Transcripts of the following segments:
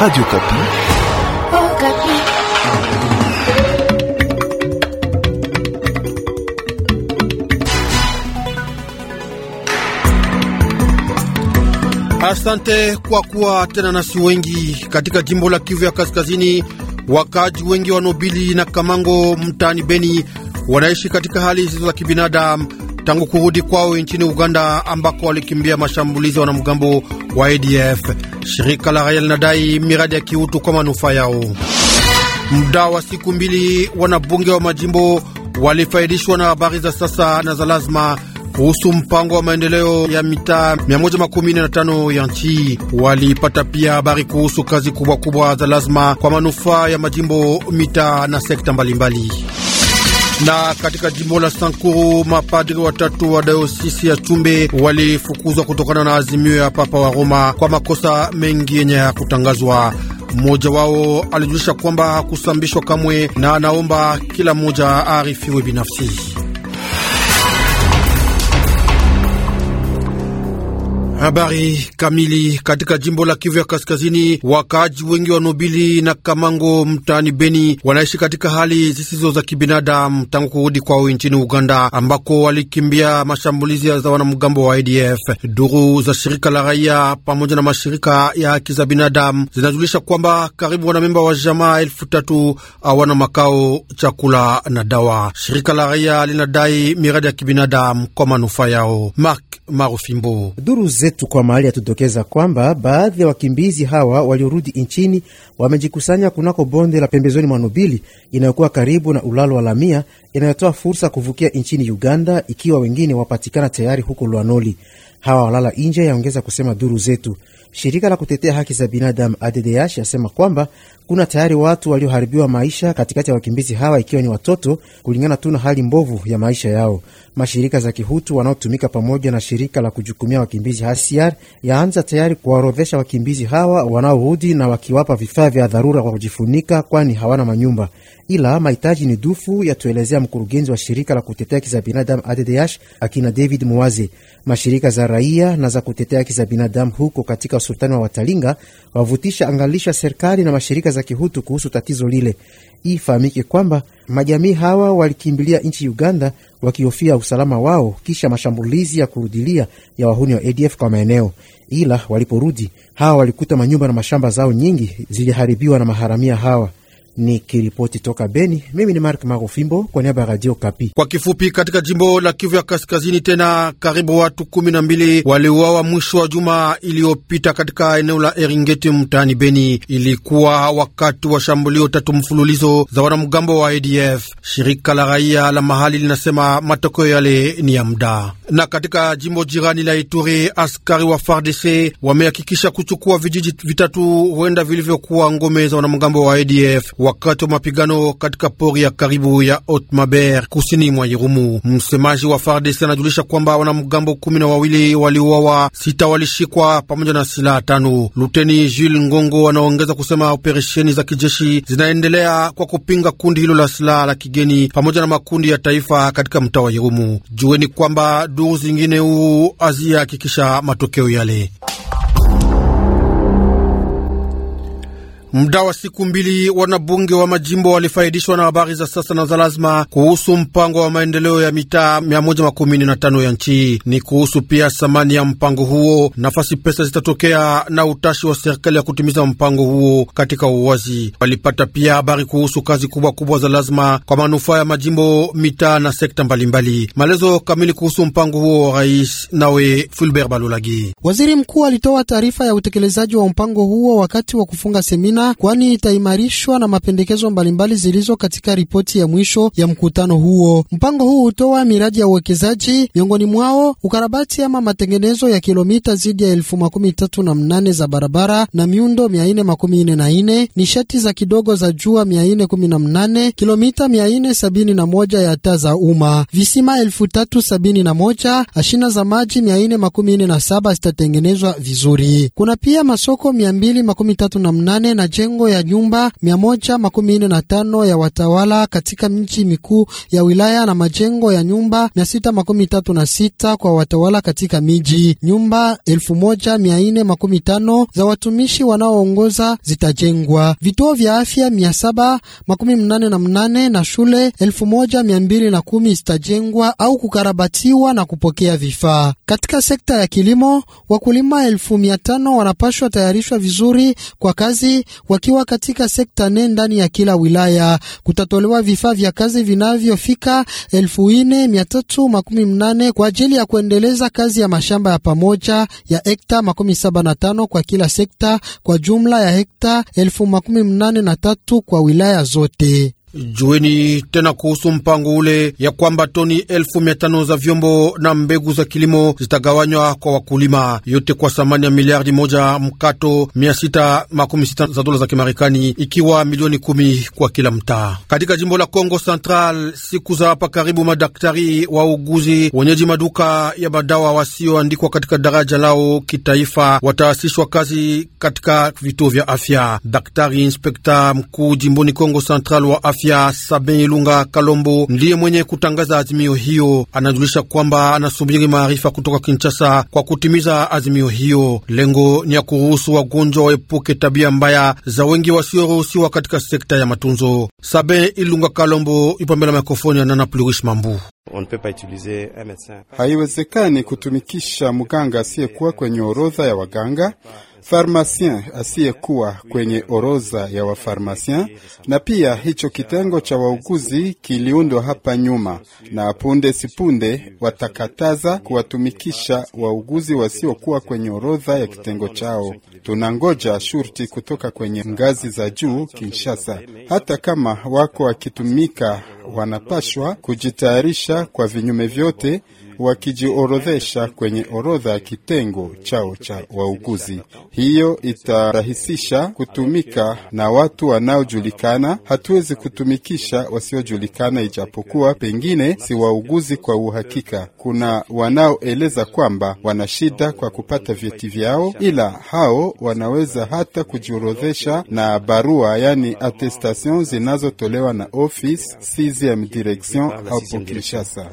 Radio Kapi. Oh, Kapi. Asante kwa kuwa tena nasi wengi katika jimbo la Kivu ya Kaskazini. Wakaji wengi wa Nobili na Kamango mtaani Beni wanaishi katika hali zisizo za kibinadamu tangu kurudi kwao nchini Uganda ambako walikimbia mashambulizi ya wanamgambo wa ADF. Shirika la raia linadai miradi ya kiutu kwa manufaa yao. Muda wa siku mbili, wanabunge wa majimbo walifaidishwa na habari za sasa na za lazima kuhusu mpango wa maendeleo ya mitaa 115 ya nchi. Walipata pia habari kuhusu kazi kubwa kubwa za lazima kwa manufaa ya majimbo, mitaa na sekta mbalimbali mbali. Na katika jimbo la Sankuru mapadri watatu wa dayosisi ya Chumbe walifukuzwa kutokana na azimio ya Papa wa Roma kwa makosa mengi yenye ya kutangazwa Mmoja wao alijulisha kwamba hakusambishwa kamwe na anaomba kila mmoja aarifiwe binafsi. Habari kamili katika jimbo la Kivu ya Kaskazini, wakaaji wengi wa Nobili na Kamango mtaani Beni wanaishi katika hali zisizo za kibinadamu tangu kurudi kwao nchini Uganda, ambako walikimbia mashambulizi za wanamgambo wa ADF. Duru za shirika la raia pamoja na mashirika ya haki za binadamu zinajulisha kwamba karibu wanamemba wa jamaa elfu tatu hawana makao, chakula na dawa. Shirika la raia linadai miradi ya kibinadamu kwa manufaa yao Mark maarufu Duru zetu kwa mahali yatudokeza kwamba baadhi ya wakimbizi hawa waliorudi nchini wamejikusanya kunako bonde la pembezoni mwa Nobili inayokuwa karibu na ulalo wa Lamia inayotoa fursa ya kuvukia nchini Uganda, ikiwa wengine wapatikana tayari huko Lwanoli. Hawa walala nje, yaongeza kusema duru zetu. Shirika la kutetea haki za binadamu ADDH yasema kwamba kuna tayari watu walioharibiwa maisha katikati ya wakimbizi hawa, ikiwa ni watoto, kulingana tu na hali mbovu ya maisha yao. Mashirika za kihutu wanaotumika pamoja na shirika la kujukumia wakimbizi HCR yaanza tayari kuwaorodhesha wakimbizi hawa wanaorudi na wakiwapa vifaa vya dharura kwa kujifunika, kwani hawana manyumba, ila mahitaji ni dufu, yatuelezea mkurugenzi wa shirika la kutetea haki za binadamu ADDH akina David Muwaze. Mashirika za raia na za kutetea haki za binadamu huko katika wa sultani wa Watalinga wavutisha angalisha serikali na mashirika za kihutu kuhusu tatizo lile. Ifahamike kwamba majamii hawa walikimbilia nchi Uganda wakihofia usalama wao kisha mashambulizi ya kurudilia ya wahuni wa ADF kwa maeneo, ila waliporudi hawa walikuta manyumba na mashamba zao nyingi ziliharibiwa na maharamia hawa kiripoti toka Beni, mimi ni Mark Marofimbo kwa niaba ya Radio Kapi. Kwa kifupi, katika jimbo la Kivu ya Kaskazini tena karibu watu kumi na mbili waliuawa mwisho wa juma iliyopita katika eneo la Eringeti mtaani Beni. Ilikuwa wakati wa shambulio tatu mfululizo za wanamgambo wa ADF. Shirika la raia la mahali linasema matokeo yale ni ya muda. Na katika jimbo jirani la Ituri, askari wa FARDC wamehakikisha kuchukua vijiji vitatu huenda vilivyokuwa ngome za wanamgambo wa ADF wa wakati wa mapigano katika pori ya karibu ya Otmaber kusini mwa Irumu. Msemaji wa FARDC anajulisha kwamba wanamgambo kumi na wawili waliuawa, sita walishikwa pamoja na silaha tano. Luteni Jules Ngongo anaongeza kusema operesheni za kijeshi zinaendelea kwa kupinga kundi hilo la silaha la kigeni pamoja na makundi ya taifa katika mtaa wa Irumu. Jueni kwamba duru zingine huu haziyahakikisha matokeo yale. mda wa siku mbili wanabunge wa majimbo walifaidishwa na habari za sasa na za lazima kuhusu mpango wa maendeleo ya mitaa 115 ya nchi. Ni kuhusu pia thamani ya mpango huo, nafasi pesa zitatokea na utashi wa serikali ya kutimiza mpango huo katika uwazi. Walipata pia habari kuhusu kazi kubwa kubwa za lazima kwa manufaa ya majimbo, mitaa na sekta mbalimbali. Maelezo kamili kuhusu mpango huo wa rais nawe Fulbert Balolagi. Waziri mkuu alitoa taarifa ya utekelezaji wa mpango huo wakati wa kufunga semina sana, kwani itaimarishwa na mapendekezo mbalimbali zilizo katika ripoti ya mwisho ya mkutano huo. Mpango huu hutoa miradi ya uwekezaji, miongoni mwao ukarabati ama matengenezo ya kilomita zidi ya elfu makumi tatu na mnane za barabara na miundo mia nne makumi nne na nne, nishati za kidogo za jua mia nne kumi na mnane, kilomita mia nne sabini na moja ya taa za umma, visima elfu tatu sabini na moja, ashina za maji mia nne makumi nne na saba zitatengenezwa vizuri. Kuna pia masoko mia mbili makumi tatu na mnane na majengo ya nyumba 145 ya watawala katika miji mikuu ya wilaya na majengo ya nyumba 636 kwa watawala katika miji. Nyumba 1415 za watumishi wanaoongoza zitajengwa, vituo vya afya 788 na shule 1210 zitajengwa au kukarabatiwa na kupokea vifaa. Katika sekta ya kilimo, wakulima 1500 wanapashwa tayarishwa vizuri kwa kazi wakiwa katika sekta nne ndani ya kila wilaya. Kutatolewa vifaa vya kazi vinavyofika 4318 kwa ajili ya kuendeleza kazi ya mashamba ya pamoja ya hekta 75 kwa kila sekta, kwa jumla ya hekta elfu kwa wilaya zote. Jueni tena kuhusu mpango ule ya kwamba toni elfu mia tano za vyombo na mbegu za kilimo zitagawanywa kwa wakulima, yote kwa thamani ya miliardi moja mkato mia sita makumi sita za dola za Kimarekani, ikiwa milioni kumi kwa kila mtaa. Katika jimbo la Congo Central, siku za hapa karibu, madaktari wa uguzi wenyeji maduka ya madawa wasioandikwa katika daraja lao kitaifa wataasishwa kazi katika vituo vya afya. Daktari inspekta mkuu jimboni Congo Central wa afya afya Sabe Ilunga Kalombo ndiye mwenye kutangaza azimio hiyo. Anajulisha kwamba anasubiri maarifa kutoka Kinshasa kwa kutimiza azimio hiyo. Lengo ni ya kuruhusu wagonjwa waepuke tabia mbaya za wengi wasioruhusiwa katika sekta ya matunzo. Sabe Ilunga Kalombo ipo mbele ya mikrofoni ya Nana Plurish Mambu. Haiwezekani kutumikisha mganga asiyekuwa kwenye orodha ya waganga farmasien asiyekuwa kwenye orodha ya wafarmasien na pia hicho kitengo cha wauguzi kiliundwa hapa nyuma, na punde sipunde watakataza kuwatumikisha wauguzi wasiokuwa kwenye orodha ya kitengo chao. Tunangoja shurti kutoka kwenye ngazi za juu Kinshasa. Hata kama wako wakitumika, wanapashwa kujitayarisha kwa vinyume vyote wakijiorodhesha kwenye orodha ya kitengo chao cha wauguzi. Hiyo itarahisisha kutumika na watu wanaojulikana. Hatuwezi kutumikisha wasiojulikana, ijapokuwa pengine si wauguzi kwa uhakika. Kuna wanaoeleza kwamba wana shida kwa kupata vyeti vyao, ila hao wanaweza hata kujiorodhesha na barua, yani attestation zinazotolewa na office 6 direction hapo Kinshasa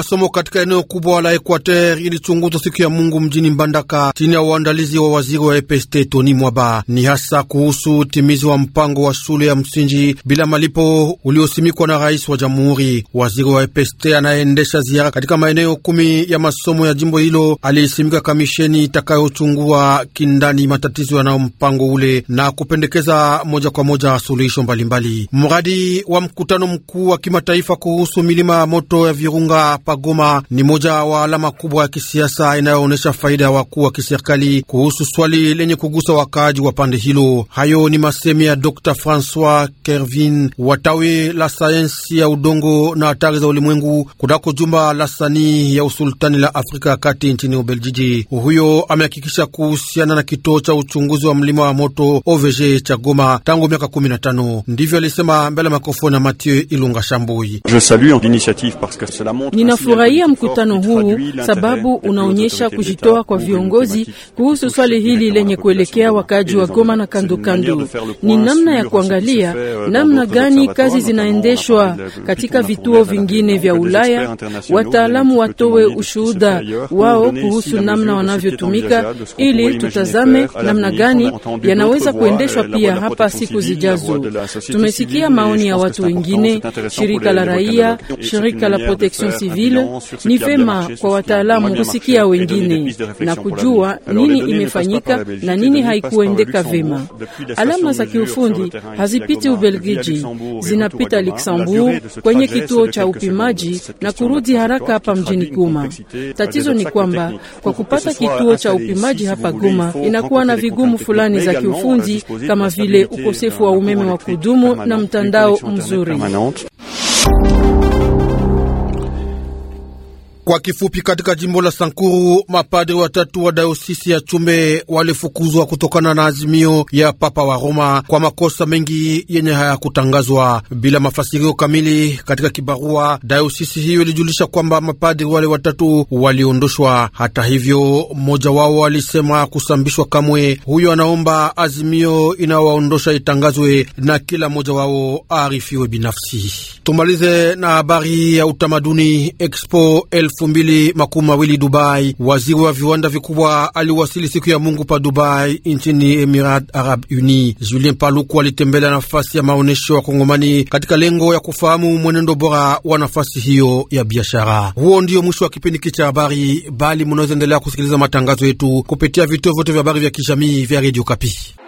masomo katika eneo kubwa la Equateur ilichunguzwa siku ya Mungu mjini Mbandaka chini ya uandalizi wa waziri wa EPST Tony Mwaba. Ni hasa kuhusu utimizi wa mpango wa shule ya msingi bila malipo uliosimikwa na rais wa jamhuri. Waziri wa EPST anayeendesha ziara katika maeneo kumi ya masomo ya jimbo hilo aliisimika kamisheni itakayochungua kindani matatizo yanayo mpango ule na kupendekeza moja kwa moja suluhisho mbalimbali. Mradi wa mkutano mkuu wa kimataifa kuhusu milima ya moto ya Virunga hapa Goma ni moja wa alama kubwa ya kisiasa inayoonyesha faida ya wakuu wa kiserikali kuhusu swali lenye kugusa wakaaji wa pande hilo. Hayo ni masemi ya Dr Francois Kervin wa tawi la sayensi ya udongo na hatari za ulimwengu kunako jumba la sanii ya usultani la Afrika ya kati nchini Ubeljiji. Huyo amehakikisha kuhusiana na kituo cha uchunguzi wa mlima wa moto OVG cha Goma tangu miaka 15. Ndivyo alisema mbele ya makofoni ya Mathieu Ilunga Shambui. Ninafurahia mkutano huu sababu unaonyesha kujitoa kwa viongozi kuhusu swali hili lenye kuelekea wakaaji wa Goma na kando kando. Ni namna ya kuangalia namna gani kazi zinaendeshwa katika vituo vingine vya Ulaya, wataalamu watowe ushuhuda wao kuhusu namna wanavyotumika, ili tutazame namna gani yanaweza kuendeshwa pia hapa siku zijazo. Tumesikia maoni ya watu wengine, shirika la raia, shirika la protection civile vile, ni vema kwa wataalamu kusikia wengine na kujua nini imefanyika na nini haikuendeka vema. Alama za kiufundi hazipiti Ubelgiji, zinapita Luxembourg kwenye euh, kituo cha upimaji na kurudi haraka hapa mjini guma Tatizo ni kwamba kwa kupata kituo cha upimaji hapa guma inakuwa na vigumu fulani za kiufundi kama vile ukosefu wa umeme wa kudumu na mtandao mzuri. Kwa kifupi, katika jimbo la Sankuru mapadri watatu wa dayosisi ya Chume walifukuzwa kutokana na azimio ya Papa wa Roma kwa makosa mengi yenye hayakutangazwa bila mafasirio kamili. Katika kibarua, dayosisi hiyo ilijulisha kwamba mapadri wale watatu waliondoshwa. Hata hivyo, mmoja wao alisema kusambishwa kamwe. Huyo anaomba azimio inawaondosha itangazwe na kila mmoja wao aarifiwe binafsi. Tumalize na habari ya utamaduni Expo elfu elfu mbili makumi mawili Dubai. Waziri wa viwanda vikubwa aliwasili siku ya Mungu pa Dubai nchini Emirat Arab Uni. Julien Paluku alitembelea nafasi ya maonyesho ya Kongomani katika lengo ya kufahamu mwenendo bora wa nafasi hiyo ya biashara. Huo ndiyo mwisho wa kipindi cha habari, bali munaweza endelea kusikiliza matangazo yetu kupitia vituo vyote vya habari vya kijamii vya Radio Kapi.